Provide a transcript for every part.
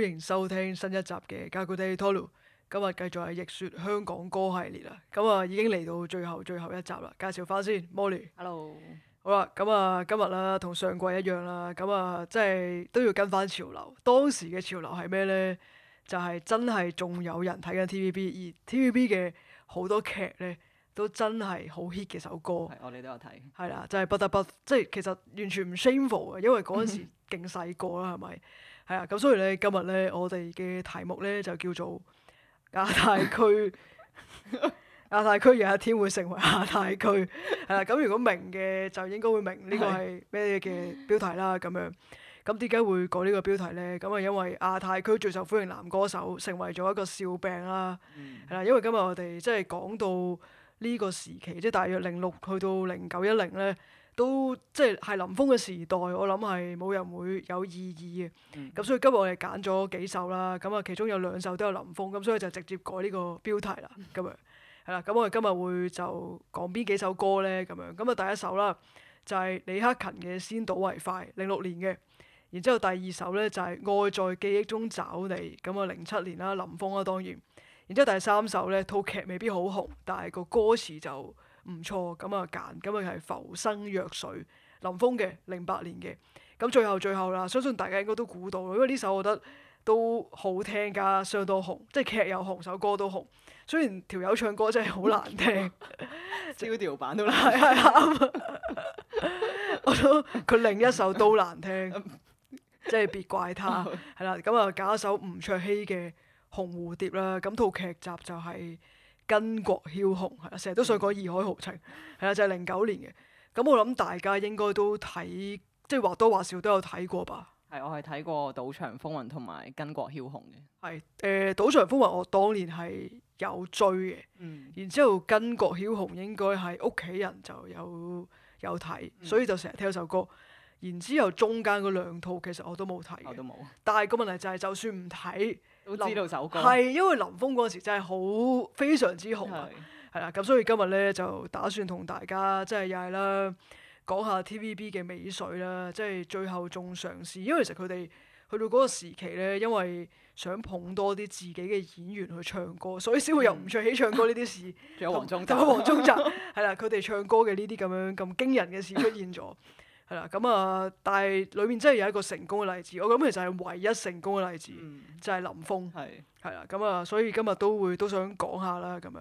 歡迎收聽新一集嘅《家居地拖路》，今日繼續係逆說香港歌系列啦。咁啊，已經嚟到最後最後一集啦。介紹翻先，Molly。Hello。好啦，咁啊，今日啦，同上季一樣啦。咁啊，即係都要跟翻潮流。當時嘅潮流係咩咧？就係真係仲有人睇緊 TVB，而 TVB 嘅好多劇咧，都真係好 hit 嘅首歌。我哋都有睇。係啦，真係不得不，即係其實完全唔 shameful 嘅，因為嗰陣時勁細個啦，係咪？ 係啊，咁所以咧今日咧我哋嘅題目咧就叫做亞太區， 亞太區有一天會成為亞太區，係啦。 咁如果明嘅就應該會明呢個係咩嘅標題啦。咁樣，咁點解會講呢個標題咧？咁啊，因為亞太區最受歡迎男歌手成為咗一個笑柄啦，係啦、嗯。因為今日我哋即係講到呢個時期，即係大約零六去到零九一零咧。都即係林峰嘅時代，我諗係冇人會有異議嘅。咁、嗯、所以今日我哋揀咗幾首啦。咁啊，其中有兩首都有林峰，咁所以就直接改呢個標題、嗯、啦。咁樣係啦。咁我哋今日會就講邊幾首歌咧？咁樣咁啊，第一首啦就係、是、李克勤嘅《先睹為快》，零六年嘅。然之後第二首咧就係、是《愛在記憶中找你》，咁啊零七年啦，林峰啦當然。然之後第三首咧，套劇未必好紅，但係個歌詞就唔錯，咁啊揀，咁啊係浮生若水，林峯嘅零八年嘅。咁最後最後啦，相信大家應該都估到，因為呢首我覺得都好聽㗎，相當紅，即係劇又紅，首歌都紅。雖然條友唱歌真係好難聽，adio 版都難聽，我都佢另一首都難聽， 即係別怪他。係 啦，咁啊揀一首吳卓羲嘅紅蝴蝶啦。咁套劇集就係、是。巾幗梟雄係啦，成日都上過《義海豪情》，係啦，就係零九年嘅。咁我諗大家應該都睇，即係或多或少都有睇過吧。係，我係睇過《賭場風雲》同埋《巾幗梟雄》嘅。係，誒，《賭場風雲》我當年係有追嘅。嗯。然之後《巾幗梟雄》應該係屋企人就有有睇，所以就成日聽嗰首歌。然之後中間嗰兩套其實我都冇睇。我都冇。但係個問題就係，就算唔睇。知道首歌，係因為林峯嗰時真係好非常之紅，啊，係啦咁，所以今日咧就打算同大家即係又係啦講下 TVB 嘅尾水啦，即係最後仲嘗試，因為其實佢哋去到嗰個時期咧，因為想捧多啲自己嘅演員去唱歌，所以先會又唔唱起唱歌呢啲事，仲 有黃宗澤，係啦， 佢哋唱歌嘅呢啲咁樣咁驚人嘅事出現咗。 係啦，咁啊，但係裏面真係有一個成功嘅例子，我諗其實係唯一成功嘅例子，嗯、就係林峯。係的，係啦，咁啊，所以今日都會都想講下啦，咁樣。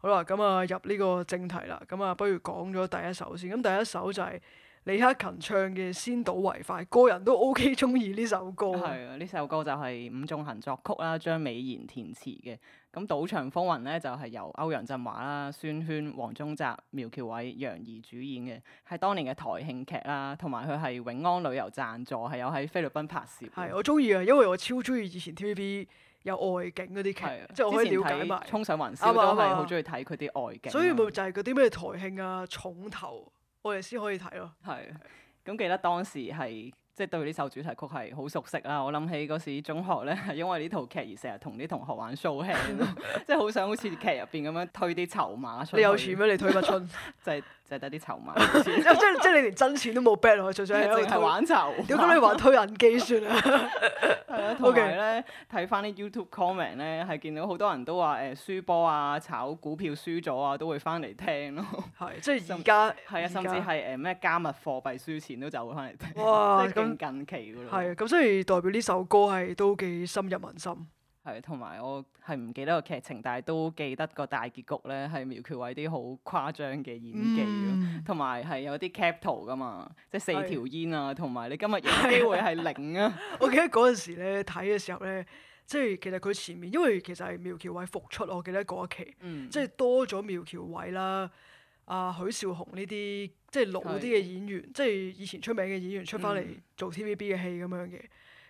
好啦，咁啊入呢個正題啦，咁啊不如講咗第一首先。咁第一首就係李克勤唱嘅《先睹為快》，個人都 OK 中意呢首歌。係啊，呢首歌就係伍仲衡作曲啦，張美賢填詞嘅。咁《賭場風雲》咧就係、是，由歐陽震華啦、孫軒、黃宗澤、苗僑偉、楊怡主演嘅，係當年嘅台慶劇啦，同埋佢係永安旅遊贊助，係有喺菲律賓拍攝。係，我中意啊，因為我超中意以前 TVB 有外景嗰啲劇，對即係我可以了解埋衝上雲霄都係好中意睇佢啲外景。所以咪就係嗰啲咩台慶啊、重頭，我哋先可以睇咯。係，咁記得當時係。即係對呢首主題曲係好熟悉啦！我諗起嗰時中學呢，係因為呢套劇而成日同啲同學玩 show hand， 即好想好似劇入邊咁樣推啲籌碼出嚟。你有錢咩？你推不出 就係、是。 就係得啲籌碼，即係即係你連真錢都冇掹落去，純想係淨係玩籌。點解你話推銀機算啊？係啊，OK 咧，睇翻啲 YouTube comment 咧，係 Okay. 見到好多人都話誒、呃、輸波啊、炒股票輸咗啊，都會翻嚟聽咯。係，即係而家係啊，甚至係誒咩加密貨幣輸錢都就會翻嚟聽。哇！即係幾近期㗎咯。係啊、嗯，咁、嗯、所以代表呢首歌係都幾深入民心。係，同埋我係唔記得個劇情，但係都記得個大結局咧，係苗僑偉啲好誇張嘅演技，同埋係有啲 cap 圖㗎嘛，即係四條煙啊，同埋是你今日有機會係零啊是！ 我記得嗰陣時咧睇嘅時候咧，即、就、係、是、其實佢前面，因為其實係苗僑偉復出，我記得嗰一期，即係、嗯、多咗苗僑偉啦，阿、啊、許紹雄呢啲即係老啲嘅演員，即係是以前出名嘅演員出翻嚟做 TVB 嘅戲咁樣嘅。嗯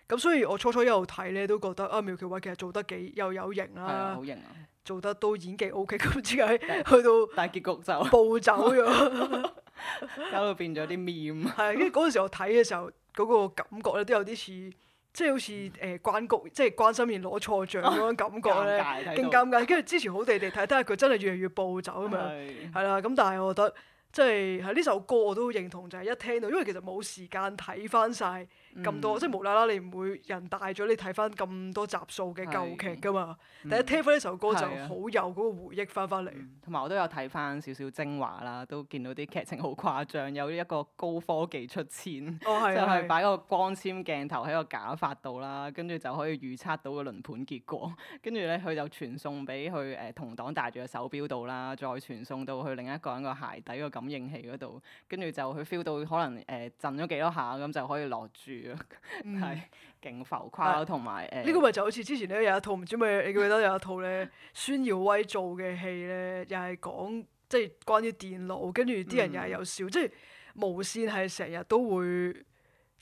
咁、嗯、所以我初初一路睇咧，都覺得啊苗僑偉其實做得幾又有，有型啦、啊，型啊、做得都演技 OK，咁至係去到，大結局就暴走咗， 搞到變咗啲面。係、嗯，因為嗰陣時候睇嘅時候，嗰、那個感覺咧都有啲似，即係好似誒、呃、關谷，即係關心妍攞錯獎嗰種感覺咧，勁尷尬。跟住之前好地地睇，睇下佢真係越嚟越暴走咁樣，係啦 對。咁但係我覺得，即係喺呢首歌我都認同，就係、是、一聽到，因為其實冇時間睇翻晒。咁多、嗯、即係無啦啦，你唔會人大咗，你睇翻咁多集數嘅舊劇㗎嘛？嗯、第一聽翻呢首歌的就好有嗰個回憶翻翻嚟。同埋我都有睇翻少少精華啦，都見到啲劇情好誇張，有呢一個高科技出先，哦、就係擺個光纖鏡頭喺個假髮度啦，跟住就可以預測到個輪盤結果，跟住咧佢就傳送俾佢誒同黨戴住嘅手錶度啦，再傳送到去另一個人個鞋底個感應器嗰度，跟住就佢 feel 到可能誒震咗幾多下咁就可以落注。係，勁 浮誇同埋誒，呢個咪就好似之前咧有一套唔 知咩，你有冇記得有一套咧，孫 耀威做嘅戲咧，又係講，即係關於電腦，跟住啲人又係有笑。嗯、即係無線係成日都會。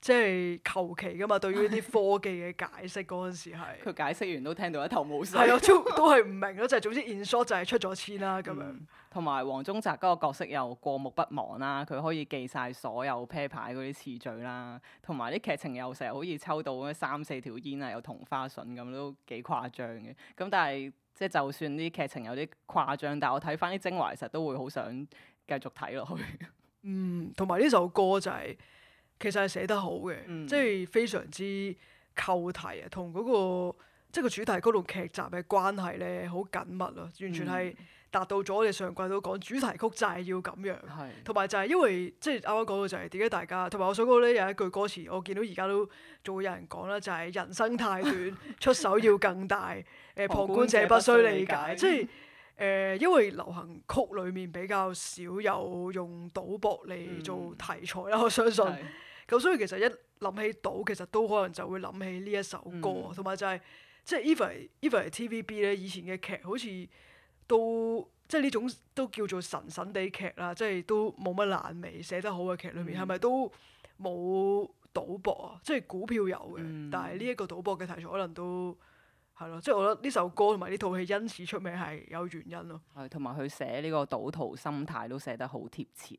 即係求其噶嘛，對於呢啲科技嘅解釋嗰陣時係，佢 解釋完都聽到一頭霧水， 係啊，都都係唔明咯。就係總之，in short 就係出咗千啦咁樣。同埋黃宗澤嗰個角色又過目不忘啦，佢可以記晒所有啤牌嗰啲次序啦，同埋啲劇情又成日好易抽到三四條煙啊，有同花順咁都幾誇張嘅。咁但係即係就算啲劇情有啲誇張，但係我睇翻啲精華，其實都會好想繼續睇落去。嗯，同埋呢首歌就係、是。其實係寫得好嘅，嗯、即係非常之扣題啊，同嗰、那個即係個主題曲同劇集嘅關係咧，好緊密咯，完全係達到咗我哋上季都講主題曲就係要咁樣，同埋、嗯、就係因為即係啱啱講到就係點解大家，同埋我想講咧有一句歌詞，我見到而家都仲有人講啦，就係、是、人生太短， 出手要更大，誒、 呃、旁觀者不需理解，嗯、即係誒、呃、因為流行曲裡面比較少有用賭博嚟做題材啦，嗯、我相信。咁所以其實一諗起賭，其實都可能就會諗起呢一首歌，同埋、嗯、就係、是、即係 even even TVB 咧以前嘅劇好，好似都即係呢種都叫做神神地劇啦，即係都冇乜爛尾，寫得好嘅劇裏面，係咪、嗯、都冇賭博啊？即係股票有嘅，嗯、但係呢一個賭博嘅題材可能都。係咯，即係、就是、我覺得呢首歌同埋呢套戲因此出名係有原因咯。係，同埋佢寫呢個賭徒心態都寫得好貼切。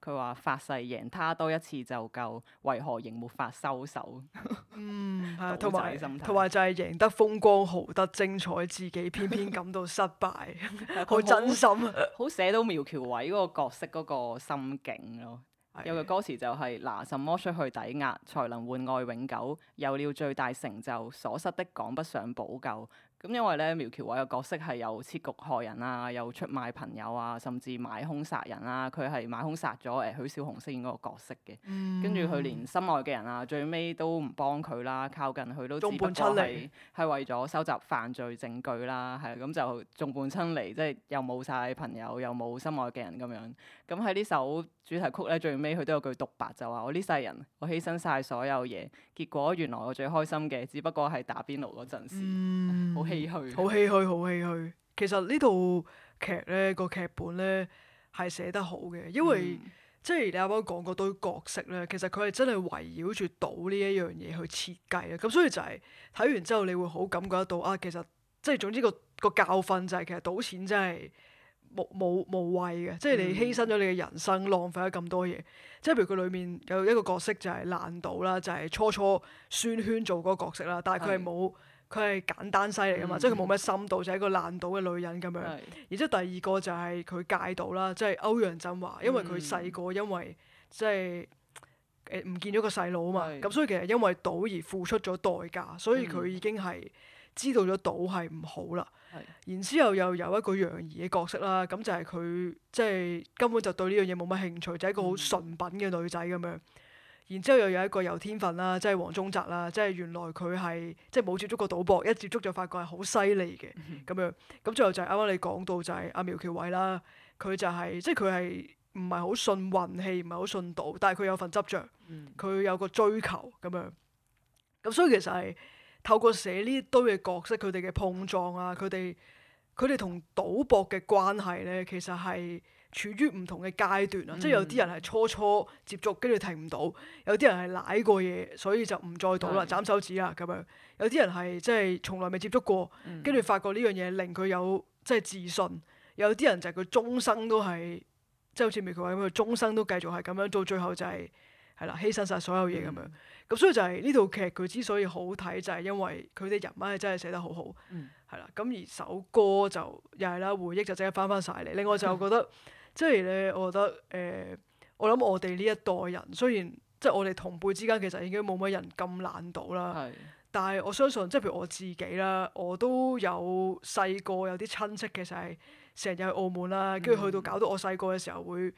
佢話發誓贏他多一次就夠，為何仍沒法收手？ 嗯，係，同埋同埋就係贏得風光豪得精彩，自己偏偏感到失敗，好真心， 好寫到苗僑偉嗰個角色嗰個心境咯。有句歌詞就係、是：拿什麼出去抵押，才能換愛永久？有了最大成就，所失的講不上補救。咁因為咧苗僑偉嘅角色係有設局害人啊，又出賣朋友啊，甚至買兇殺人啊。佢係買兇殺咗誒、呃、許小紅飾演嗰個角色嘅，跟住佢連心愛嘅人啊，最尾都唔幫佢啦。靠近佢都只不過係係為咗收集犯罪證據啦，係咁就眾叛親離，即係又冇晒朋友，又冇心愛嘅人咁樣。咁喺呢首主題曲咧，最尾佢都有句獨白就話：我呢世人，我犧牲晒所有嘢，結果原來我最開心嘅，只不過係打邊爐嗰陣時，嗯。好唏噓，好唏噓。好唏噓。其實呢套劇咧，個劇本咧係寫得好嘅，因為、嗯、即係你啱啱講過啲角色咧，其實佢係真係圍繞住賭呢一樣嘢去設計啦。咁所以就係睇完之後，你會好感覺得到啊，其實即係總之、嗰個、嗰個教訓就係其實賭錢真係冇冇冇謂嘅，即係你犧牲咗你嘅人生，嗯、浪費咗咁多嘢。即係譬如佢裏面有一個角色就係爛賭啦，就係、是、初初宣萱做嗰個角色啦，但係佢係冇。嗯佢係簡單犀利㗎嘛，即係佢冇乜深度，就係一個爛賭嘅女人咁樣。然之後第二個就係佢戒賭啦，即係歐陽震華，因為佢細個因為即係誒唔見咗個細佬啊嘛，咁所以其實因為賭而付出咗代價，所以佢已經係知道咗賭係唔好啦。然之後又有一個楊怡嘅角色啦，咁就係佢即係根本就對呢樣嘢冇乜興趣，就係一個好純品嘅女仔咁樣。然之後又有一個有天分啦，即係黃宗澤啦，即係原來佢係即係冇接觸過賭博，一接觸就發覺係好犀利嘅咁樣。咁最後就係啱啱你講到就係阿苗僑偉啦，佢就係、是、即係佢係唔係好信運氣，唔係好信賭，但係佢有份執着，佢有個追求咁樣。咁、嗯嗯、所以其實係透過寫呢堆嘅角色，佢哋嘅碰撞啊，佢哋佢哋同賭博嘅關係咧，其實係。處於唔同嘅階段啊，即係有啲人係初初接觸，跟住停唔到；有啲人係舐過嘢，所以就唔再賭啦，斬手指啦咁樣；有啲人係即係從來未接觸過，跟住發覺呢樣嘢令佢有即係自信；有啲人就係佢終生都係即係好似美佢話咁，佢終生都繼續係咁樣，到最後就係，係啦，犧牲晒所有嘢咁樣。咁所以就係呢套劇佢之所以好睇，就係因為佢哋人物係真係寫得好好。嗯，係啦。咁而首歌就又係啦，回憶就即刻翻翻晒嚟。另外就覺得。即係咧，我覺得誒、呃，我諗我哋呢一代人，雖然即係我哋同輩之間其實已經冇乜人咁懶到啦，是的 但係我相信，即係譬如我自己啦，我都有細個有啲親戚其實係成日去澳門啦，跟住去到搞到我細個嘅時候會，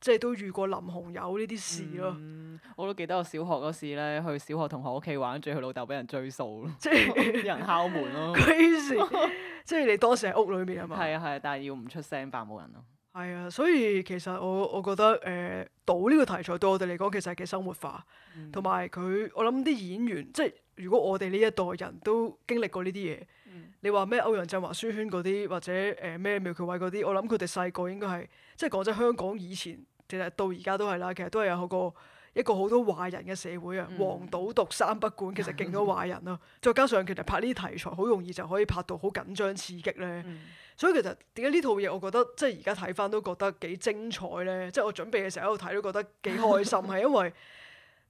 即係都遇過淋紅油呢啲事咯、嗯。我都記得我小學嗰時咧，去小學同學屋企玩，仲要佢老豆俾人追數咯，即係是 人敲門咯。嗰時 即係你當時喺屋裏面係嘛？係啊係啊，但係要唔出聲扮冇人咯。係啊，所以其實我我覺得誒，賭呢個題材對我哋嚟講其實係幾生活化，同埋佢我諗啲演員，即係如果我哋呢一代人都經歷過呢啲嘢，嗯、你話咩歐陽震華宣傳嗰啲或者誒咩苗僑偉嗰啲，我諗佢哋細個應該係，即係講真香港以前其實到而家都係啦，其實都係有好、嗰個。一個好多壞人嘅社會啊，嗯、黃賭毒三不管其實勁多壞人啊！ 再加上其實拍呢啲題材，好容易就可以拍到好緊張刺激咧。嗯、所以其實點解呢套嘢我覺得即係而家睇返都覺得幾精彩咧？即係我準備嘅時候喺度睇都覺得幾開心，係 因為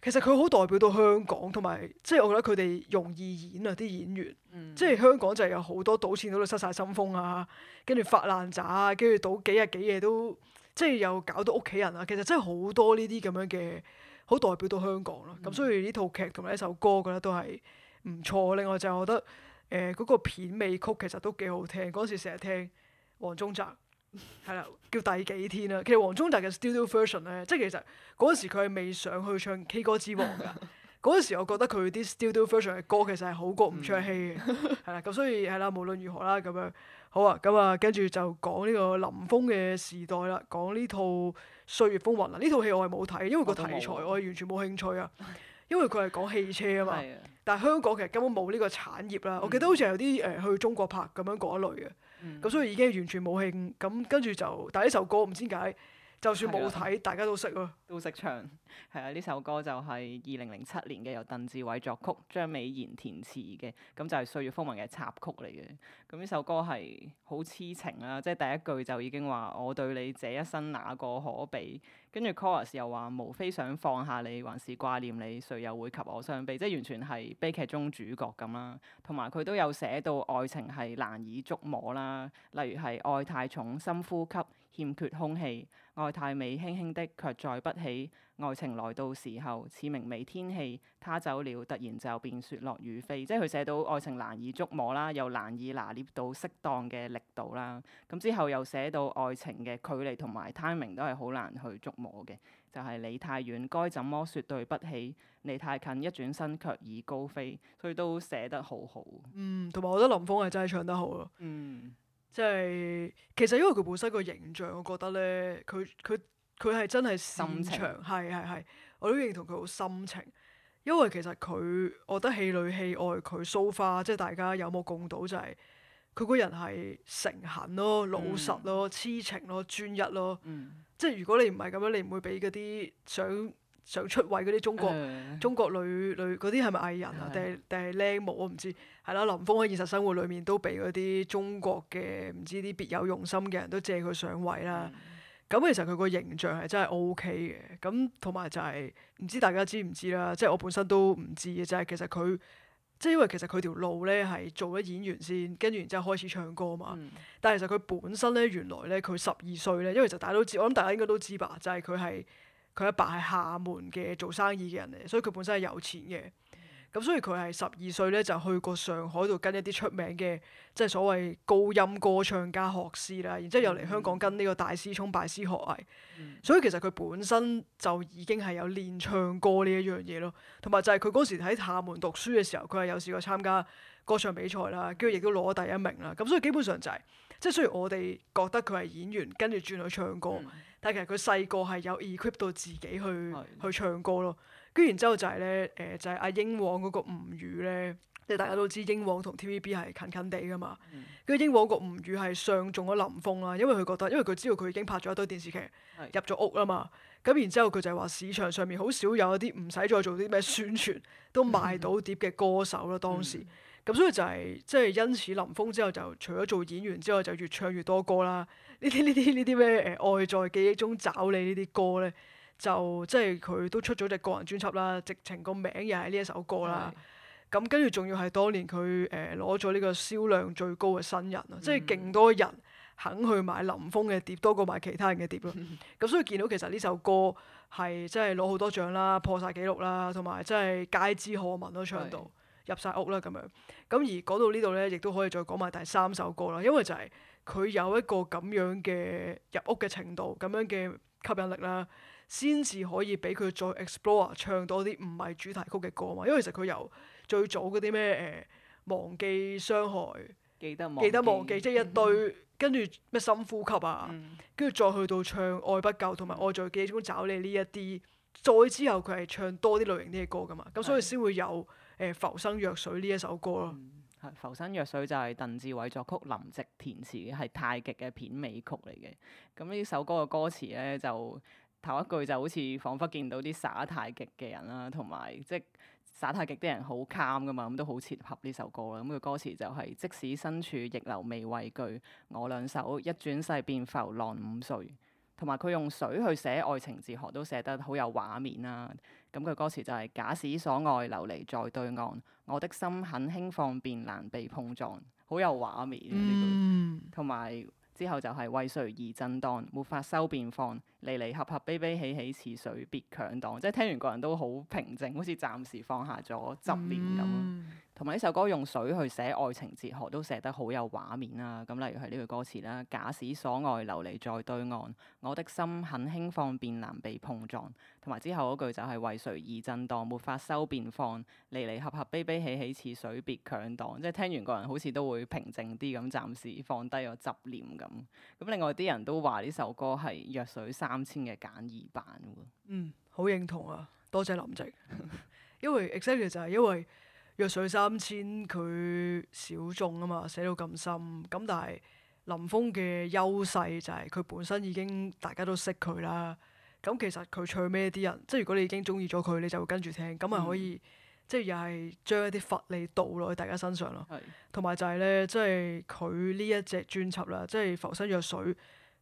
其實佢好代表到香港同埋，即係我覺得佢哋容易演啊啲演員，嗯、即係香港就係有好多賭錢賭到失晒心風啊，跟住發爛渣啊，跟住賭幾日幾夜都即係又搞到屋企人啊。其實真係好多呢啲咁樣嘅。好代表到香港啦。咁、嗯、所以呢套劇同埋呢首歌咧都係唔錯。另外就係我覺得誒嗰、呃嗰個片尾曲其實都幾好聽，嗰陣時成日聽黃宗澤係啦， 叫第幾天啦、啊。其實黃宗澤嘅 Studio Version 咧，即係其實嗰陣時佢係未上去唱 K 歌之王㗎。嗰陣 時我覺得佢啲 Studio Version 嘅歌其實係好過唔唱戲嘅。係啦、嗯，咁 所以係啦，無論如何啦，咁樣好啊，咁啊跟住就講呢個林峯嘅時代啦，講呢套。歲月風雲啊！呢套戲我係冇睇，因為個題材我係完全冇興趣啊。因為佢係講汽車啊嘛， 是的 但係香港其實根本冇呢個產業啦。嗯、我記得好似有啲誒、呃、去中國拍咁樣嗰一類嘅，咁、嗯、所以已經完全冇興。咁跟住就，但係呢首歌唔知點解。就算冇睇，了大家都識咯，都識唱。係啊，呢首歌就係二零零七年嘅，由鄧智偉作曲，張美賢填詞嘅。咁就係《歲月風雲》嘅插曲嚟嘅。咁呢首歌係好痴情啦，即係第一句就已經話我對你這一生哪個可比？跟住 chorus 又話無非想放下你，還是掛念你，誰又會及我傷悲？即係完全係悲劇中主角咁啦。同埋佢都有寫到愛情係難以捉摸啦，例如係愛太重，深呼吸。欠缺空氣，愛太美輕輕，輕輕的卻再不起。愛情來到時候，似明媚天氣，他走了，突然就變雪落雨飛。即係佢寫到愛情難以捉摸啦，又難以拿捏到適當嘅力度啦。咁之後又寫到愛情嘅距離同埋 timing 都係好難去捉摸嘅，就係、是、離太遠該怎麼説對不起，離太近一轉身卻已高飛。所以都寫得好好。嗯，同埋我覺得林峯係真係唱得好咯。嗯。即係、就是、其實因為佢本身個形象，我覺得咧，佢佢佢係真係心長情，係係係，我都認同佢好深情。因為其實佢，我覺得戲裏戲外，佢 so far，即係大家有冇共睹、就是，就係佢個人係誠懇咯、老實咯、痴、嗯、情咯、專一咯。嗯、即係如果你唔係咁樣，你唔會俾嗰啲想。想出位嗰啲中國、嗯、中國女女嗰啲係咪藝人啊？定係定係靚模，我唔知。係啦是的，林峯喺現實生活裏面都俾嗰啲中國嘅唔知啲別有用心嘅人都借佢上位啦。咁、嗯、其實佢個形象係真係 OK 嘅。咁同埋就係、是、唔知大家知唔知啦？即、就、係、是、我本身都唔知嘅就啫、是。其實佢即係因為其實佢條路咧係做咗演員先，跟住然之後開始唱歌嘛。嗯、但係其實佢本身咧原來咧佢十二歲咧，因為其實大家都知，我諗大家應該都知吧？就係佢係。佢阿爸係廈門嘅做生意嘅人嚟，所以佢本身係有錢嘅。咁所以佢係十二歲咧就去過上海度跟一啲出名嘅即係所謂高音歌唱家學師啦，然之後又嚟香港跟呢個大師聰拜師學藝。嗯、所以其實佢本身就已經係有練唱歌呢一樣嘢咯。同埋就係佢嗰時喺廈門讀書嘅時候，佢係有試過參加歌唱比賽啦，跟住亦都攞咗第一名啦。咁所以基本上就係、是、即係雖然我哋覺得佢係演員，跟住轉去唱歌。嗯但係其實佢細個係有 equip 到自己去的去唱歌咯，跟住然之後就係咧，誒、呃、就係、是、阿、啊、英皇嗰個吳雨咧，即係大家都知英皇同 TVB 係近近地㗎嘛，跟住、嗯、英皇嗰個吳雨係上中咗林峯啦，因為佢覺得，因為佢知道佢已經拍咗一堆電視劇的入咗屋啦嘛，咁然之後佢就係話市場上面好少有一啲唔使再做啲咩宣傳都賣到碟嘅歌手啦、嗯、當時、嗯。嗯咁所以就係即係因此林峯之後就除咗做演員之後就越唱越多歌啦。呢啲呢啲呢啲咩誒愛在記憶中找你呢啲歌咧，就即係佢都出咗隻個,個人專輯啦。直情個名又係呢一首歌啦。咁是跟住仲要係當年佢誒攞咗呢個銷量最高嘅新人咯，即係勁多人肯去買林峯嘅碟多過買其他人嘅碟咯。咁 所以見到其實呢首歌係真係攞好多獎啦、破晒紀錄啦，同埋真係皆知可聞都唱到。入晒屋啦咁樣，咁而講到呢度咧，亦都可以再講埋第三首歌啦，因為就係佢有一個咁樣嘅入屋嘅程度，咁樣嘅吸引力啦，先至可以俾佢再 explore 唱多啲唔係主題曲嘅歌嘛。因為其實佢由最早嗰啲咩誒忘記傷害，記得忘記即係、嗯、哼一堆、嗯、哼跟住咩深呼吸啊，跟住、嗯、再去到唱愛不夠同埋愛在記憶中找你呢一啲，再之後佢係唱多啲類型啲嘅歌噶嘛，咁所以先會有。誒浮生若水呢一首歌咯、嗯，係浮生若水就係鄧智偉作曲、林夕填詞嘅，係《太極》嘅片尾曲嚟嘅。咁呢首歌嘅歌詞咧，就頭一句就好似彷彿見到啲耍太極嘅人啦，同埋即係耍太極啲人好 calm 嘅嘛，咁都好切合呢首歌啦。咁佢歌詞就係、是、即使身處逆流未畏懼，我兩手一轉世變浮浪五歲，同埋佢用水去寫愛情哲學，都寫得好有畫面啦、啊。咁佢歌詞就係、是、假使所愛流離在對岸，我的心很輕放便，便難被碰撞。好有畫面呢句、這個。同埋、嗯、之後就係為誰而震盪，沒法收變放，離離合合悲悲喜喜似水，別強盪。嗯、即係聽完個人都好平靜，好似暫時放下咗執念咁。同埋呢首歌用水去寫愛情哲學都寫得好有畫面啊！咁例如係呢句歌詞啦：假使所愛流離在對岸，我的心很輕放，便難被碰撞。同埋之後嗰句就係為誰而震盪，沒法收便放，離離合合悲悲喜喜喜似水，別強擋。即係聽完個人好似都會平靜啲咁，暫時放低個執念咁。咁另外啲人都話呢首歌係弱水三千嘅簡易版。嗯，好認同啊！多謝林夕， 因為。exactly 就係因為。《弱水三千》佢小眾啊嘛，寫到咁深，咁但係林峰嘅優勢就係佢本身已經大家都識佢啦，咁其實佢唱咩啲人，即係如果你已經中意咗佢，你就會跟住聽，咁咪可以、嗯、即係又係將一啲福利倒落去大家身上咯。同埋是就係咧，即係佢呢一隻專輯啦，即係《浮生若水》，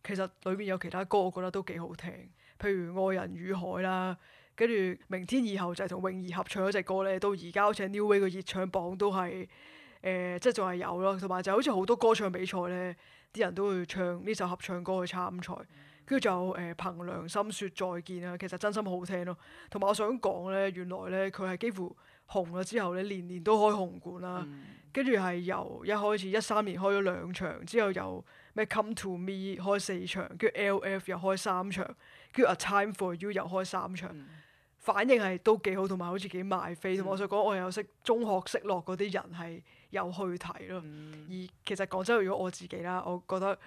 其實裏面有其他歌，我覺得都幾好聽，譬如《愛人與海》啦。跟住明天以後就係同泳兒合唱嗰隻歌咧，到而家好似喺 Neway 個熱唱榜都係誒、呃，即仲係有咯。同埋就好似好多歌唱比賽咧，啲人都會唱呢首合唱歌去參賽。跟住、mm hmm. 就誒、呃、憑良心説再見啊，其實真心好聽咯、哦。同埋我想講咧，原來咧佢係幾乎紅咗之後咧，年年都開紅館啦。跟住係由一開始一三年開咗兩場，之後由咩 Come To Me 開四場，跟住 LF 又開三場，跟住 A Time For You 又開三場。Mm hmm. 反應係都幾好，同埋好似幾賣飛。同埋我想講，我又有識中學識落嗰啲人係有去睇咯。嗯、而其實講真，如果我自己啦，我覺得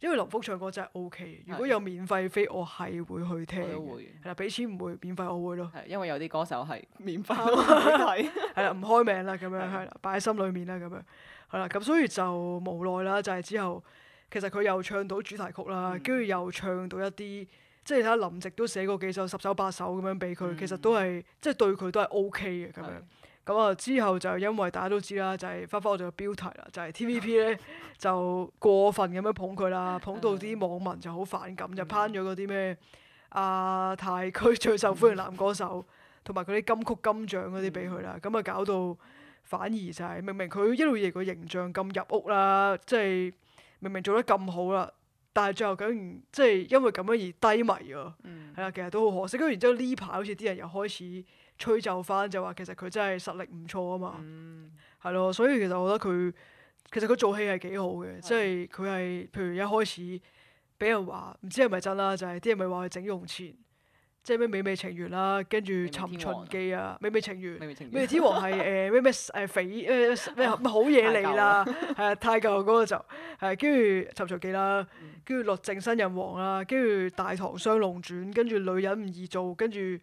因為林峯唱歌真係 O K。如果有免費飛，我係會去聽。都會係啦，俾錢唔會免費，我會咯。因為有啲歌手係免費睇，係啦， 唔開名啦，咁樣係啦，擺喺 心裏面啦，咁樣係啦。咁 所以就無奈啦，就係、是、之後其實佢又唱到主題曲啦，跟住、嗯、又唱到一啲。即係睇下林夕都寫過幾首十首八首咁樣俾佢，嗯、其實都係即係對佢都係 O K 嘅咁樣。咁啊之後就因為大家都知啦，就係翻翻我哋個標題啦，就係 T V B 咧就過分咁樣捧佢啦，捧到啲網民就好反感，的就頒咗嗰啲咩啊亞太區最受歡迎男歌手同埋佢啲金曲金獎嗰啲俾佢啦。咁啊、嗯、搞到反而就係、是、明明佢一路以嚟個形象咁入屋啦，即、就、係、是、明，明明做得咁好啦。但係最後竟然，即係因為咁樣而低迷啊，係啦、嗯，其實都好可惜。跟住然之後呢排好似啲人又開始吹奏翻，就話其實佢真係實力唔錯啊嘛，係咯、嗯。所以其實我覺得佢其實佢做戲係幾好嘅，嗯、即係佢係譬如一開始俾人話唔知係咪真啦，就係、是、啲人咪話佢整容前。即係咩《美味情緣》啦，跟住《尋秦記》啊，《美味情緣》、《美味天王》係誒咩咩誒肥誒咩咩好嘢嚟啦，係久久啊，太舊嗰個就係，跟住《尋、嗯、秦記》啦，跟住《律政新人王》啦，跟住《大唐雙龍傳》，跟住女人唔易做，跟住誒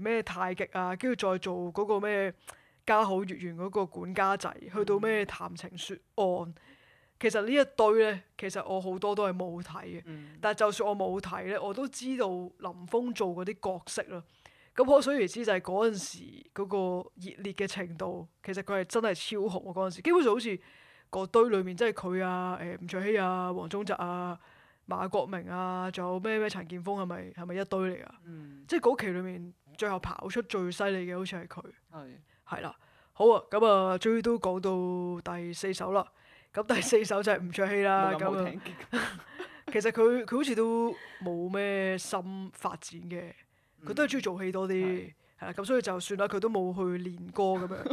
咩太極啊，跟住再做嗰個咩家好月圓嗰個管家仔，去到咩談情説案，其實呢一堆咧，其實我好多都係冇睇嘅。嗯、但就算我冇睇咧，我都知道林峯做嗰啲角色咯。咁可想而知就係嗰陣時嗰個熱烈嘅程度，其實佢係真係超紅喎！嗰陣時基本上好似個堆裏面即係佢啊，誒、呃、吳卓羲啊、黃宗澤啊、馬國明啊，仲有咩咩陳鍵鋒係咪係咪一堆嚟噶？嗯、即係嗰期裏面最後跑出最犀利嘅，好似係佢。係係啦，好啊，咁啊，終於都講到第四首啦。咁第四首就係吳卓羲啦，咁那其實佢佢 好似都冇咩心發展嘅，佢、嗯、都係中意做戲多啲，係啦的，咁所以就算啦，佢都冇去練歌咁樣，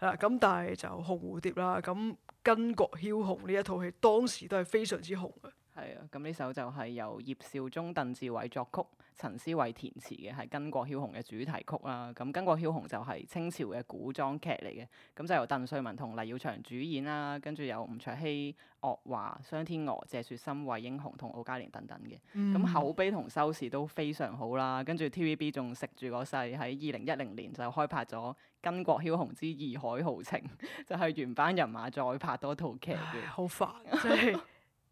係啦， 咁但係就紅蝴蝶啦，咁巾幗梟雄呢一套戲 當時都係非常之紅嘅。係啊，咁呢首就係由葉少忠、鄧志偉作曲，陳思慧填詞嘅，係《巾幗梟雄》嘅主題曲啦。咁《巾幗梟雄》就係清朝嘅古裝劇嚟嘅，咁就由鄧萃雯同黎耀祥主演啦，跟住有吳卓羲、岳華、商天娥、謝雪心、惠英紅同敖嘉年等等嘅。咁、嗯、口碑同收視都非常好啦。跟住 TVB 仲食住個勢，喺二零一零年就開拍咗《巾幗梟雄之義海豪情》，就係、是、原班人馬再拍多套劇嘅。好煩啊！真係。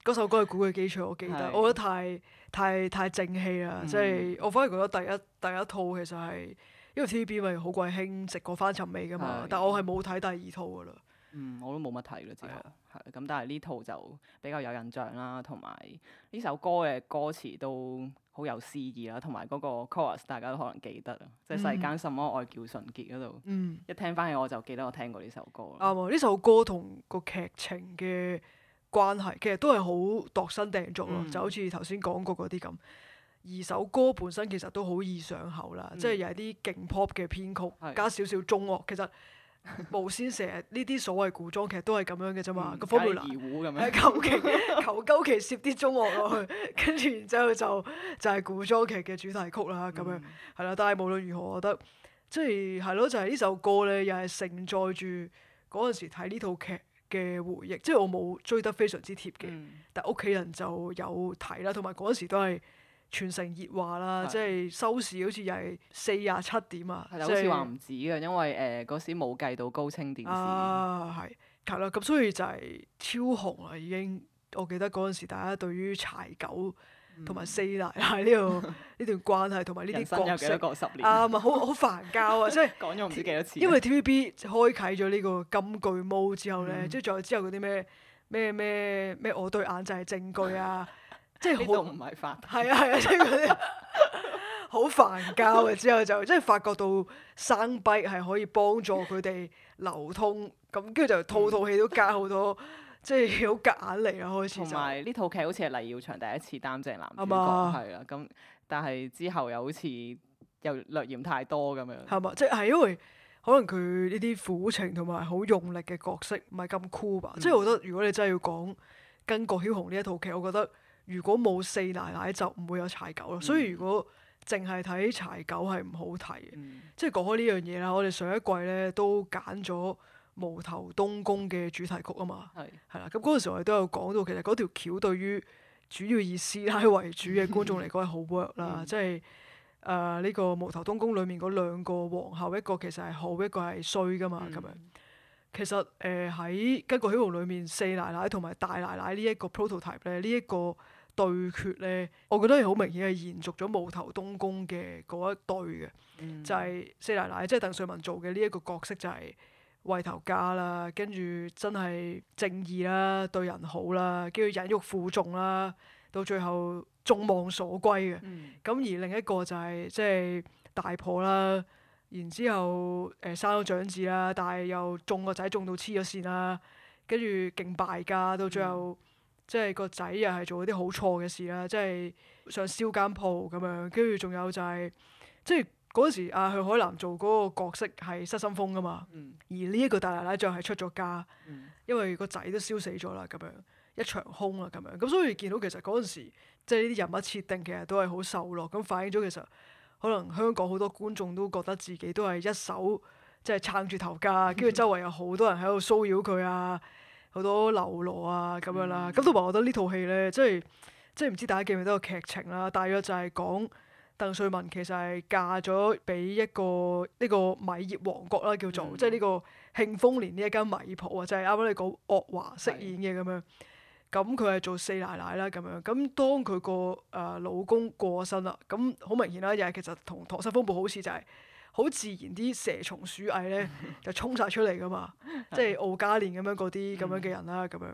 嗰首歌係講嘅幾長，我記得，是我覺得太太太正氣啦。嗯、即係我反而覺得第一第一套其實係，因為 TVB 咪好鬼興食過翻尋味嘅嘛。嗯、但我係冇睇第二套嘅啦。嗯，我都冇乜睇啦，之後係咁、啊。但係呢套就比較有印象啦，同埋呢首歌嘅歌詞都好有詩意啦，同埋嗰個 chorus 大家都可能記得啊。即係、嗯就是、世間什麼愛叫純潔嗰度，嗯、一聽翻去，我就記得我聽過呢首歌啦。啱呢、嗯、首歌同個劇情嘅。關係其實都係好度身訂做咯嗯、就好似頭先講過嗰啲咁。而首歌本身其實都好易上口啦，嗯、即係又係啲勁 pop 嘅編曲是加少少中樂，其實無綫成日呢啲所謂古裝劇都係咁樣嘅啫嘛。個 formula 咁樣，求其求鳩其攝啲中樂落去， 跟住然之後就就係、是、古裝劇嘅主題曲啦，咁樣係啦、嗯。但係無論如何，我覺得即係係咯，就係、是、呢首歌咧，又係承載住嗰陣時睇呢套劇。嘅回憶，即係我冇追得非常之貼嘅，嗯、但屋企人就有睇啦，同埋嗰陣時都係全城熱話啦，的即係收視好似又係四十七點啊，即係的、就係、好似話唔止嘅，因為誒嗰、呃、時冇計到高清電視啊，係係啦，咁所以就係超紅啦已經，我記得嗰陣時大家對於柴九，同埋四奶奶呢度，呢段關係，同埋呢啲角色，啱 啊！好好煩交啊，即係講咗唔知幾多次。因為 T V B 開啓咗呢個金句毛之後咧，即係仲有之後嗰啲咩咩咩咩，我對眼就係證據啊！即係呢度唔係煩，係啊係啊，即係嗰啲好煩交啊！之後就即係、就是、發覺到生逼係可以幫助佢哋流通，咁跟住就套套戲都加好多。即係好夾硬嚟咯，開始有就同埋呢套劇好似係黎耀祥第一次擔正男主角係啦，咁吧但係之後又好似又略嫌太多咁樣係嘛？即係係因為可能佢呢啲苦情同埋好用力嘅角色唔係咁 cool 吧？嗯、即係我覺得如果你真係要講《巾幗梟雄》呢一套劇，我覺得如果冇四奶奶就唔會有柴九咯。嗯、所以如果淨係睇柴九係唔好睇嘅。嗯、即係講開呢樣嘢啦，我哋上一季咧都揀咗。《無頭東宮》嘅主題曲啊嘛，係係啦，咁嗰、那個時我哋都有講到，其實嗰條橋對於主要以師奶為主嘅觀眾嚟講係好 work 啦， 嗯、即係誒呢個《無頭東宮》裏面嗰兩個皇后，一個其實係好，一個係衰噶嘛，咁樣、嗯。其實誒喺《巾幗梟雄》裏面，四奶奶同埋大奶奶呢一個 prototype 咧，呢、這、一個對決咧，我覺得係好明顯係延續咗《無頭東宮》嘅嗰一對嘅，就係四奶奶，即係鄧萃雯做嘅呢一個角色就係、是。為頭家啦，跟住真係正義啦，對人好啦，跟住忍辱負重啦，到最後眾望所歸嘅。咁、嗯、而另一個就係即係大婆啦，然之後誒、呃、生咗長子啦，但係又縱個仔縱到黐咗線啦，跟住勁敗家，到最後、嗯、即係個仔又係做咗啲好錯嘅事啦，即、就、係、是、想燒間鋪咁樣，跟住仲有就係即係。就是嗰時啊，去海南做嗰個角色係失心瘋㗎嘛，嗯、而呢一個大奶奶就係出咗家，嗯、因為個仔都燒死咗啦，咁樣一場空啦，咁樣咁所以見到其實嗰陣時，即係呢啲人物設定其實都係好受落，咁反映咗其實可能香港好多觀眾都覺得自己都係一手即係撐住頭家，跟住、嗯、周圍有好多人喺度騷擾佢啊，好多流落啊咁樣啦，咁同埋我覺得呢套戲咧，即係即係唔知大家記唔記得個劇情啦，大約就係講。鄧萃雯其實係嫁咗俾一個呢個米業王國啦，叫做即係呢個慶豐年呢一間米鋪啊，就係啱啱你講岳華飾演嘅咁樣。咁佢係做四奶奶啦，咁樣。咁當佢個誒老公過身啦，咁好明顯啦，又係其實同《溏心風暴》好似，就係好自然啲蛇蟲鼠蟻咧就衝晒出嚟噶嘛，即係傲加蓮咁樣嗰啲咁樣嘅人啦，咁樣。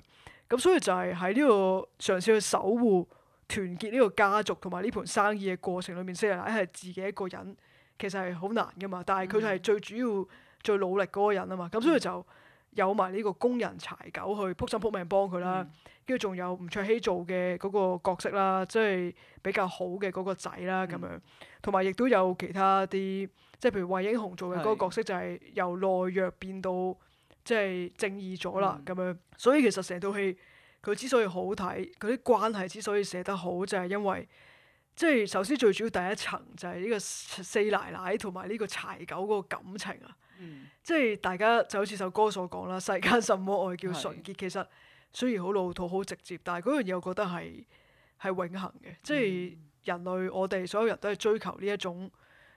咁所以就係喺呢個嘗試去守護。團結呢個家族同埋呢盤生意嘅過程裏面，四奶奶係自己一個人，其實係好難噶嘛。但係佢係最主要、嗯、最努力嗰個人啊嘛。咁所以就有埋呢個工人柴狗去撲心撲命幫佢啦。跟住仲有吳卓羲做嘅嗰個角色啦，即係比較好嘅嗰個仔啦咁、嗯、樣。同埋亦都有其他啲，即係譬如衛英雄做嘅嗰個角色，就係由懦弱變到即係正義咗啦咁、嗯、樣。所以其實成套戲。佢之所以好睇，佢啲關係之所以寫得好，就係、是、因為即係、就是、首先最主要第一層就係呢個四奶奶同埋呢個柴九嗰個感情啊，嗯、即係大家就好似首歌所講啦，世間什麼愛叫純潔，是其實雖然好老土好直接，但係嗰樣嘢我覺得係係永恒嘅，嗯、即係人類我哋所有人都係追求呢一種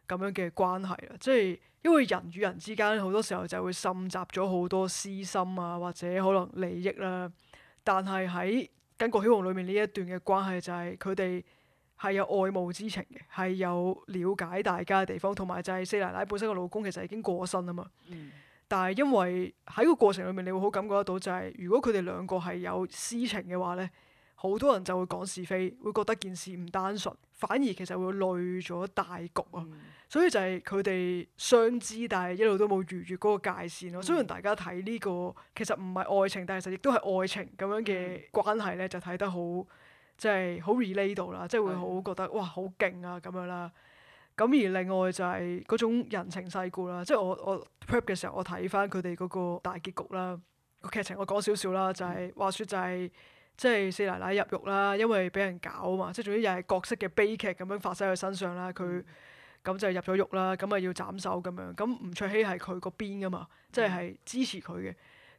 咁樣嘅關係啦，即係、嗯、因為人與人之間好多時候就會滲集咗好多私心啊，或者可能利益啦、啊。但係喺《巾幗梟雄》裏面呢一段嘅關係，就係佢哋係有愛慕之情嘅，係有了解大家嘅地方，同埋就係四奶奶本身個老公其實已經過身啊嘛。但係因為喺個過程裏面，你會好感覺得到，就係如果佢哋兩個係有私情嘅話咧。好多人就會講是非，會覺得件事唔單純，反而其實會累咗大局啊！嗯、所以就係佢哋相知，但係一路都冇逾越嗰個界線咯、啊。嗯、雖然大家睇呢、呢個其實唔係愛情，但係其實亦都係愛情咁樣嘅關係咧、嗯，就睇、是、得好即係好 relate 到啦，嗯、即係會好覺得哇好勁啊咁樣啦。咁而另外就係嗰種人情世故啦。即係我我 prep 嘅時候，我睇返佢哋嗰個大結局啦，個劇情我講少少啦，就係、是、話說就係、是。即係四奶奶入獄啦，因為俾人搞啊嘛，即係總之又係角色嘅悲劇咁樣發生喺佢身上啦。佢咁就入咗獄啦，咁啊要斬首咁樣。咁吳卓羲係佢個邊噶嘛，即係係支持佢嘅。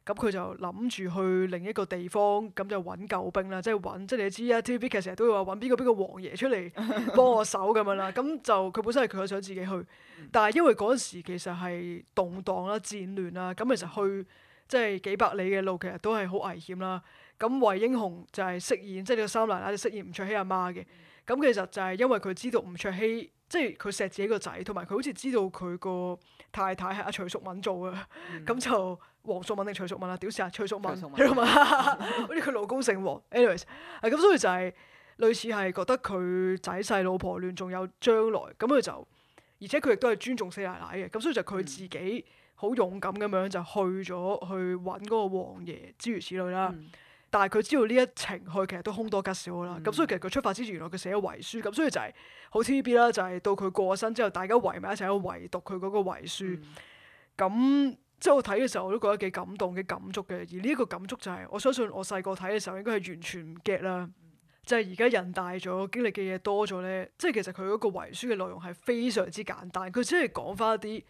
咁佢就諗住去另一個地方，咁就揾救兵啦，即係揾，即係你知啊。TVB 劇成日都會話揾邊個邊個王爺出嚟幫我手咁樣啦。咁 就佢本身係佢想自己去，但係因為嗰陣時其實係動盪啦、戰亂啦，咁其實去即係幾百里嘅路，其實都係好危險啦。咁魏英雄就係飾演，即係呢個三奶奶就飾演吳卓羲阿媽嘅。咁其實就係因為佢知道吳卓羲，即係佢錫自己個仔，同埋佢好似知道佢個太太係阿徐淑敏做嘅。咁、嗯、 就黃淑敏定徐淑敏啊？屌事啊！徐淑敏好似佢老公姓黃。anyways，咁，所以就係類似係覺得佢仔細老婆亂，仲有將來。咁佢就而且佢亦都係尊重四奶奶嘅。咁所以就佢自己好勇敢咁樣就去咗去揾嗰個王爺諸如此類啦。嗯嗯。但係佢知道呢一程，去，其實都凶多吉少啦。咁、嗯、所以其實佢出發之前原來佢寫咗遺書。咁所以就係好 TVB 啦，就係到佢過身之後，大家圍埋一齊去度圍讀佢嗰個遺書。咁即係我睇嘅時候，我都覺得幾感動、嘅、感觸嘅。而呢一個感觸就係、是、我相信我細個睇嘅時候應該係完全唔 get 啦。嗯、就係而家人大咗，經歷嘅嘢多咗咧。即係其實佢嗰個遺書嘅內容係非常之簡單，佢只係講翻一啲。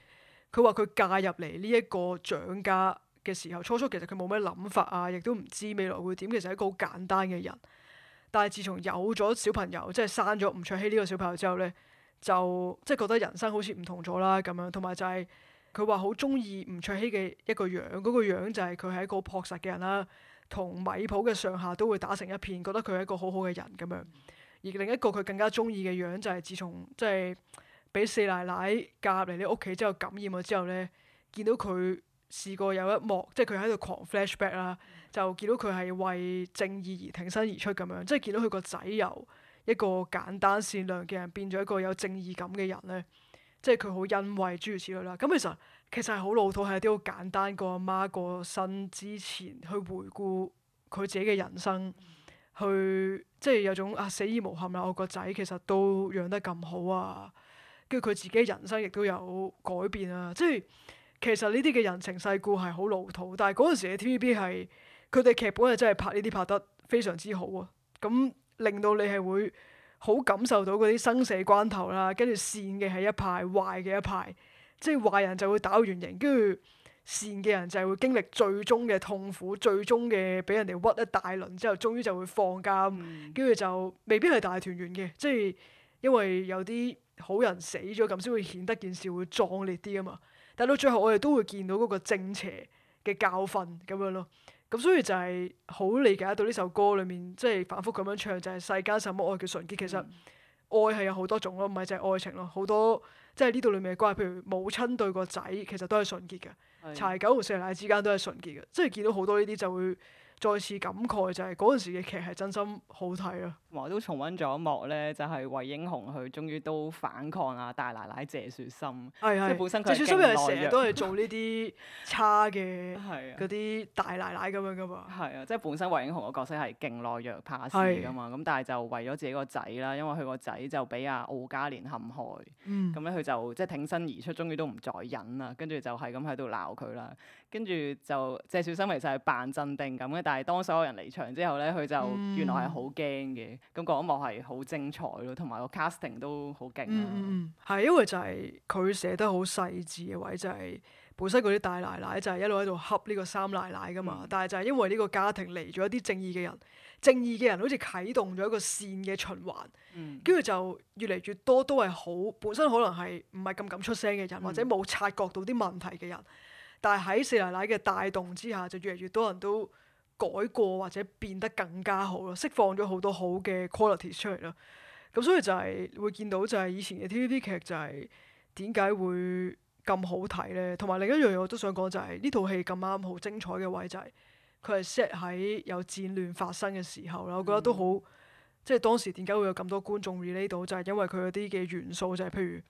佢話佢嫁入嚟呢一個蔣家嘅時候，初初其實佢冇咩諗法啊，亦都唔知未來會點，其實係一個好簡單嘅人。但係自從有咗小朋友，即係生咗吳卓羲呢個小朋友之後咧，就即係覺得人生好似唔同咗啦咁樣。同埋就係佢話好中意吳卓羲嘅一個樣，嗰、那個樣就係佢係一個樸實嘅人啦、啊。同米普嘅上下都會打成一片，覺得佢係一個好好嘅人咁樣。而另一個佢更加中意嘅樣就係自從即係俾四奶奶嫁入嚟你屋企之後感染咗之後咧，見到佢。試過有一幕，即係佢喺度狂 flashback 啦，就見到佢係為正義而挺身而出咁樣，即係見到佢個仔由一個簡單善良嘅人變咗一個有正義感嘅人咧，即係佢好欣慰諸如此類啦。咁其實其實係好老土，係啲好簡單個阿媽過身之前去回顧佢自己嘅人生，去即係有種啊死而無憾啦。我個仔其實都養得咁好啊，跟住佢自己人生亦都有改變啊，即係。其實呢啲嘅人情世故係好老土，但係嗰陣時嘅 TVB 係佢哋劇本係真係拍呢啲拍得非常之好啊！咁令到你係會好感受到嗰啲生死關頭啦，跟住善嘅係一派，壞嘅一派，即係壞人就會打完形，跟住善嘅人就係會經歷最終嘅痛苦，最終嘅俾人哋屈一大輪之後，終於就會放監，跟住、嗯、就未必係大團圓嘅，即係因為有啲好人死咗咁先會顯得件事會壯烈啲啊嘛～但到最後我哋都會見到嗰個正邪嘅教訓咁樣咯，咁所以就係好理解到呢首歌裏面即係、就是、反覆咁樣唱就係、是、世間什麼愛叫純潔，其實愛係有好多種咯，唔係淨係愛情咯，好多即、就是、係呢度裏面嘅關係，譬如母親對個仔其實都係純潔嘅，的柴九同四奶之間都係純潔嘅，即、就、係、是、見到好多呢啲就會。再次感慨就係嗰陣時嘅劇係真心好睇啊。我都重溫咗一幕咧，就係、是、魏英雄佢終於都反抗啊大奶奶謝雪心。係係。即係本身佢謝雪心又成日都係做呢啲差嘅，嗰啲、 啊、大奶奶咁樣噶嘛。係啊，即係本身魏英雄個角色係勁懦弱怕事噶嘛。咁是但係就為咗自己個仔啦，因為佢個仔就俾阿奧家蓮陷害。嗯。咁咧佢就即係挺身而出，終於都唔再忍啦。跟住就係咁喺度鬧佢啦。跟住就謝小生其實係扮鎮定咁嘅，但係當所有人離場之後咧，佢就原來係好驚嘅。咁嗰一幕係好精彩咯，同埋個 casting 都好勁。嗯係因為就係佢寫得好細緻嘅位，就係、是、本身嗰啲大奶奶就係一路喺度恰呢個三奶奶㗎嘛。嗯、但係就係因為呢個家庭嚟咗一啲正義嘅人，正義嘅人好似啟動咗一個善嘅循環。跟住、嗯、就越嚟越多都係好本身可能係唔係咁敢出聲嘅人，嗯、或者冇察覺到啲問題嘅人。但係喺四奶奶嘅帶動之下，就越嚟越多人都改過或者變得更加好咯，釋放咗好多好嘅 quality 出嚟咯。咁所以就係、是、會見到就係以前嘅 TVB 劇就係點解會咁好睇咧？同埋另一樣嘢我都想講就係呢套戲咁啱好精彩嘅位就係佢係 set 喺有戰亂發生嘅時候啦。嗯、我覺得都好即係當時點解會有咁多觀眾 relate 到，就係、是、因為佢嗰啲嘅元素就係、是、譬如，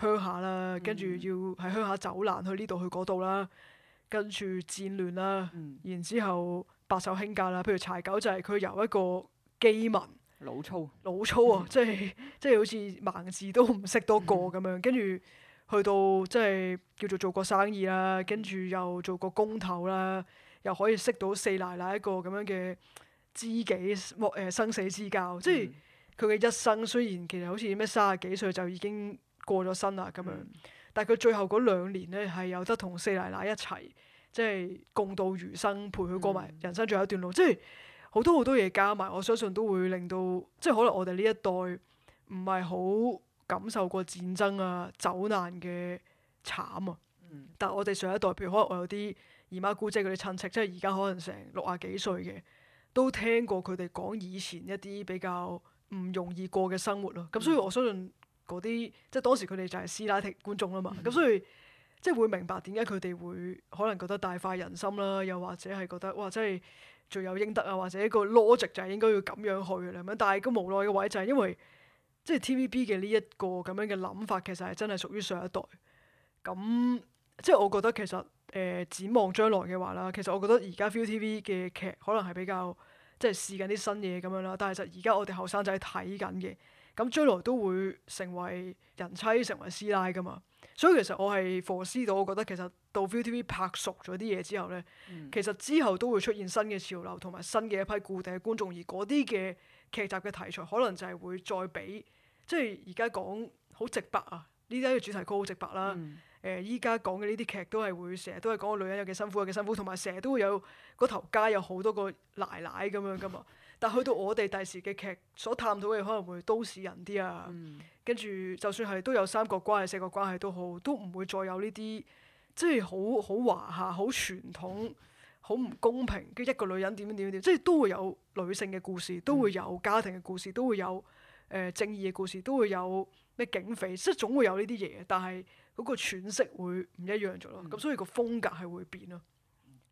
鄉下啦，跟住要喺鄉下走難，去呢度去嗰度啦，跟住戰亂啦，嗯、然之後白手興家啦。譬如柴九就係佢由一個基民，老粗，老粗啊，即係即係好似盲字都唔識多個咁樣。跟住去到即係叫做做過生意啦，跟住又做過工頭啦，又可以識到四奶奶一個咁樣嘅知己，誒生死之交。即係佢嘅一生，雖然其實好似咩三十幾歲就已經。過咗身啦，咁樣、嗯，但係佢最後嗰兩年咧，係有得同四奶奶一齊，即、就、係、是、共度餘生，陪佢過埋人生最後一段路，嗯、即係好多好多嘢加埋，我相信都會令到，即係可能我哋呢一代唔係好感受過戰爭啊、走難嘅慘啊，嗯、但係我哋上一代，譬如可能我有啲姨媽姑姐嗰啲親戚，即係而家可能成六啊幾歲嘅，都聽過佢哋講以前一啲比較唔容易過嘅生活咯、啊，咁、嗯、所以我相信。嗰啲即係當時佢哋就係師奶聽觀眾啦嘛，咁、嗯、所以即係會明白點解佢哋會可能覺得大快人心啦，又或者係覺得哇真係罪有應得啊，或者一個 Logic 就係應該要咁樣去咁，但係個無奈嘅位就係因為即係 TVB 嘅呢、這、一個咁樣嘅諗法，其實係真係屬於上一代。咁即係我覺得其實誒、呃、展望將來嘅話啦，其實我覺得而家 ViuTV 嘅劇可能係比較即係試緊啲新嘢，咁樣啦。但係其實而家我哋後生仔睇緊嘅。咁將來都會成為人妻、成為師奶噶嘛，所以其實我係 foresee 到，我覺得其實到 ViuTV 拍熟咗啲嘢之後咧，嗯、其實之後都會出現新嘅潮流同埋新嘅一批固定嘅觀眾，而嗰啲嘅劇集嘅題材可能就係會再俾，即係而家講好直白啊，呢啲嘅主題曲好直白啦。誒、嗯，依家講嘅呢啲劇都係會成日都係講個女人有幾辛苦、有幾辛苦，同埋成日都會有嗰頭家有好多個奶奶咁樣噶嘛。但去到我哋第時嘅劇，所探討嘅可能會都市人啲啊，嗯、跟住就算係都有三角關係、四角關係都好，都唔會再有呢啲即係好好華夏、好傳統、好唔公平，跟一個女人點樣點樣點，即係都會有女性嘅故事，都會有家庭嘅故事，都會有誒、呃、正義嘅故事，都會有咩警匪，即係總會有呢啲嘢，但係嗰個詮釋會唔一樣咗咯。咁、嗯、所以個風格係會變咯，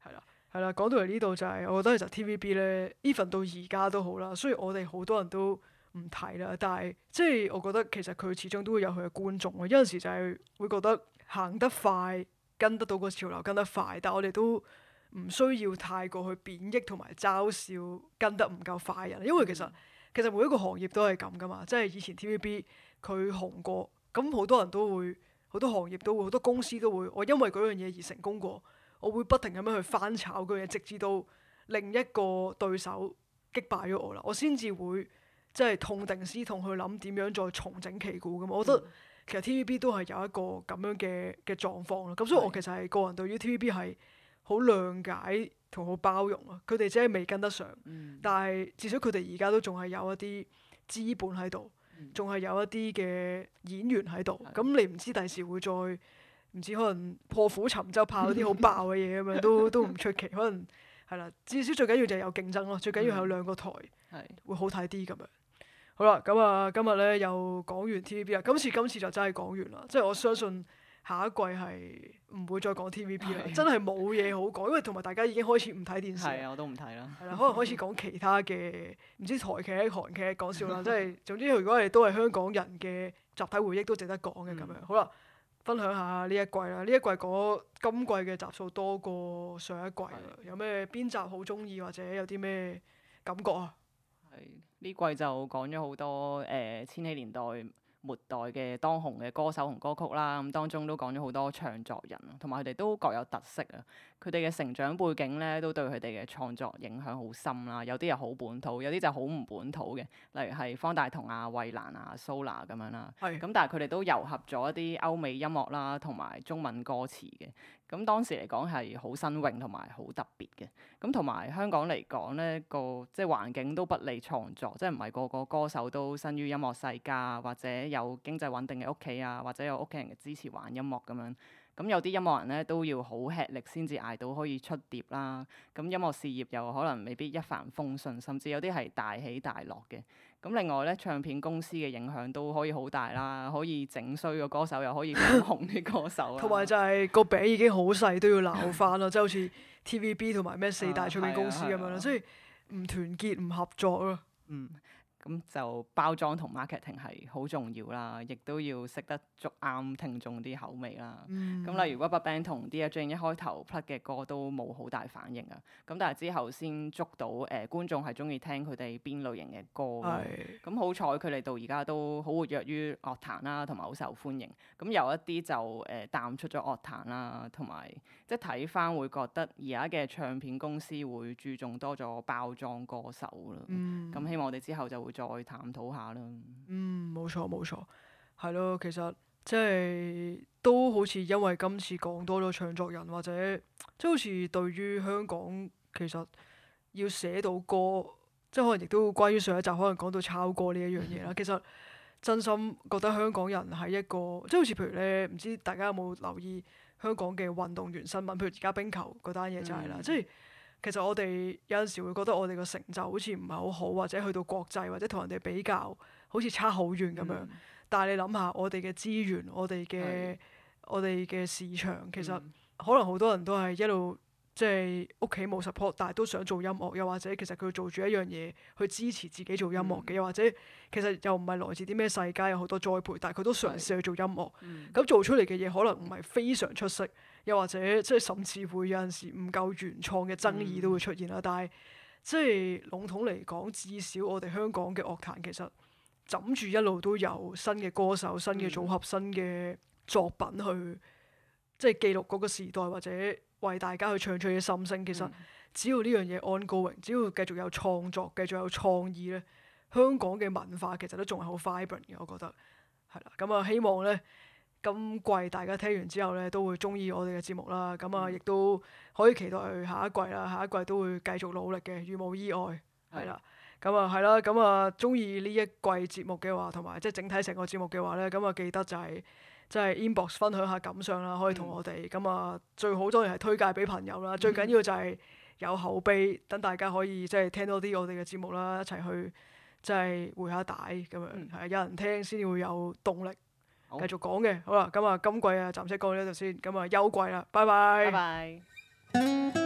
係啦。係啦，講到嚟呢度就係，我覺得其實 TVB 咧 even 到而家都好啦，雖然我哋好多人都唔睇啦，但係即係我覺得其實佢始終都會有佢嘅觀眾咯。有陣時就係會覺得行得快，跟得到個潮流跟得快，但我哋都唔需要太過去貶抑同埋嘲笑跟得唔夠快人，因為其實其實每一個行業都係咁噶嘛。即係以前 TVB 佢紅過，咁好多人都會，好多行業都會，好多公司都會，我因為嗰樣嘢而成功過。我會不停咁樣去翻炒嗰樣嘢，直至到另一個對手擊敗咗我啦，我先至會即係痛定思痛去諗點樣再重整旗鼓咁。我覺得其實 TVB 都係有一個咁樣嘅嘅狀況咯。咁所以我其實係個人對於 TVB 係好諒解同好包容咯。佢哋真係未跟得上，嗯、但係至少佢哋而家都仲係有一啲資本喺度，仲係、嗯、有一啲嘅演員喺度。咁你唔知第時會再。唔知可能破釜沉舟拍嗰啲好爆嘅嘢咁樣，都都唔出奇。可能係啦，至少最緊要就係有競爭咯。最緊要係兩個台、嗯、會好睇啲咁樣。好啦，咁啊今日咧又講完 TVB 啦，今次今次就真係講完啦。即係我相信下一季係唔會再講 TVB 啦，的真係冇嘢好講，因為同埋大家已經開始唔睇電視。係啊，我都唔睇啦。係啦，可能開始講其他嘅，唔知台劇、韓劇、講笑啦， 即係總之如果係都係香港人嘅集體回憶都值得講嘅咁樣。嗯、好啦。分享下呢一季啦，呢一季嗰，今季嘅集數多過上一季，是的 有咩邊集好鍾意或者有啲咩感覺啊？係呢季就講咗好多誒、呃、千禧年代末代嘅當紅嘅歌手同歌曲啦，咁當中都講咗好多唱作人，同埋佢哋都各有特色啊！佢哋嘅成長背景咧，都對佢哋嘅創作影響好深啦。有啲係好本土，有啲就好唔本土嘅。例如係方大同啊、衞蘭啊、Soler 咁樣啦。係是。咁但係佢哋都糅合咗一啲歐美音樂啦，同埋中文歌詞嘅。咁當時嚟講係好新穎同埋好特別嘅。咁同埋香港嚟講咧，個即係環境都不利創作，即係唔係個個歌手都生於音樂世家，或者有經濟穩定嘅屋企啊，或者有屋企人嘅支持玩音樂咁樣。咁有啲音樂人咧都要好吃力先至捱到可以出碟啦。咁音樂事業又可能未必一帆風順，甚至有啲係大起大落嘅。咁另外咧，唱片公司嘅影響都可以好大啦，可以整衰個歌手，又可以捧紅啲歌手。同埋 就係個餅已經好細，都要鬧翻啦，即係 好似 TVB 同埋咩四大唱片公司咁樣啦，啊啊啊啊、所以唔團結唔合作咯。嗯。咁就包裝同 marketing 係好重要啦，亦都要識得捉啱聽眾啲口味啦。咁、嗯、例如 RubberBand 同 Dear Jane 一開頭 plug 嘅歌都冇好大反應啊，咁但係之後先捉到誒、呃、觀眾係中意聽佢哋邊類型嘅歌。咁是好彩佢哋到而家都好活躍於樂壇啦，同埋好受歡迎。咁有一啲就誒、呃、淡出咗樂壇啦，同埋即係睇翻會覺得而家嘅唱片公司會注重多咗包裝歌手咯，咁、嗯、希望我哋之後就會。再探討下啦。嗯，冇錯冇錯，係咯，其實即係都好似因為今次講多咗唱作人，或者即係好似對於香港其實要寫到歌，即係可能亦都關於上一集可能講到抄歌呢一樣嘢啦。 其實真心覺得香港人係一個即係好似譬如咧，唔知大家有冇留意香港嘅運動員新聞？譬如而家冰球嗰單嘢就係、是、啦，嗯、即係。其實我哋有陣時會覺得我哋嘅成就好似唔係好好，或者去到國際或者同人哋比較，好似差好遠咁樣。嗯、但係你諗下，我哋嘅資源、我哋嘅、的我哋嘅市場，其實、嗯、可能好多人都係一路即係屋企冇 support，但係都想做音樂。又或者其實佢做住一樣嘢去支持自己做音樂嘅，嗯、又或者其實又唔係來自啲咩世界，有好多栽培，但係佢都嘗試去做音樂。咁、嗯、做出嚟嘅嘢可能唔係非常出色。又或者即係甚至會有陣時唔夠原創嘅爭議都會出現啦，嗯、但係即係籠統嚟講，至少我哋香港嘅樂壇其實枕住一路都有新嘅歌手、新嘅組合、新嘅作品去即係記錄嗰個時代或者為大家去唱出啲心聲。其實只要呢樣嘢 ongoing，只要繼續有創作、繼續有創意咧，香港嘅文化其實都仲係好 vibrant 嘅。我覺得係啦，咁啊希望咧～今季大家聽完之後咧，都會中意我哋嘅節目啦。咁啊、嗯，亦都可以期待下一季啦。下一季都會繼續努力嘅，如無意外，係啦。咁啊、嗯，係啦、嗯。咁啊，中意呢一季節目嘅話，同埋即係整體成個節目嘅話咧，咁啊，記得就係、是、即係、就是、inbox 分享下感想啦，可以同我哋。咁啊、嗯，最好當然係推介俾朋友啦。最緊要就係有口碑，等、嗯、大家可以即係聽多啲我哋嘅節目啦，一齊去即係回下帶咁樣。係、嗯、有人聽先會有動力。繼續講嘅，好啦，咁啊今季啊，暫時講呢度先，咁啊休季啦，拜拜。拜拜。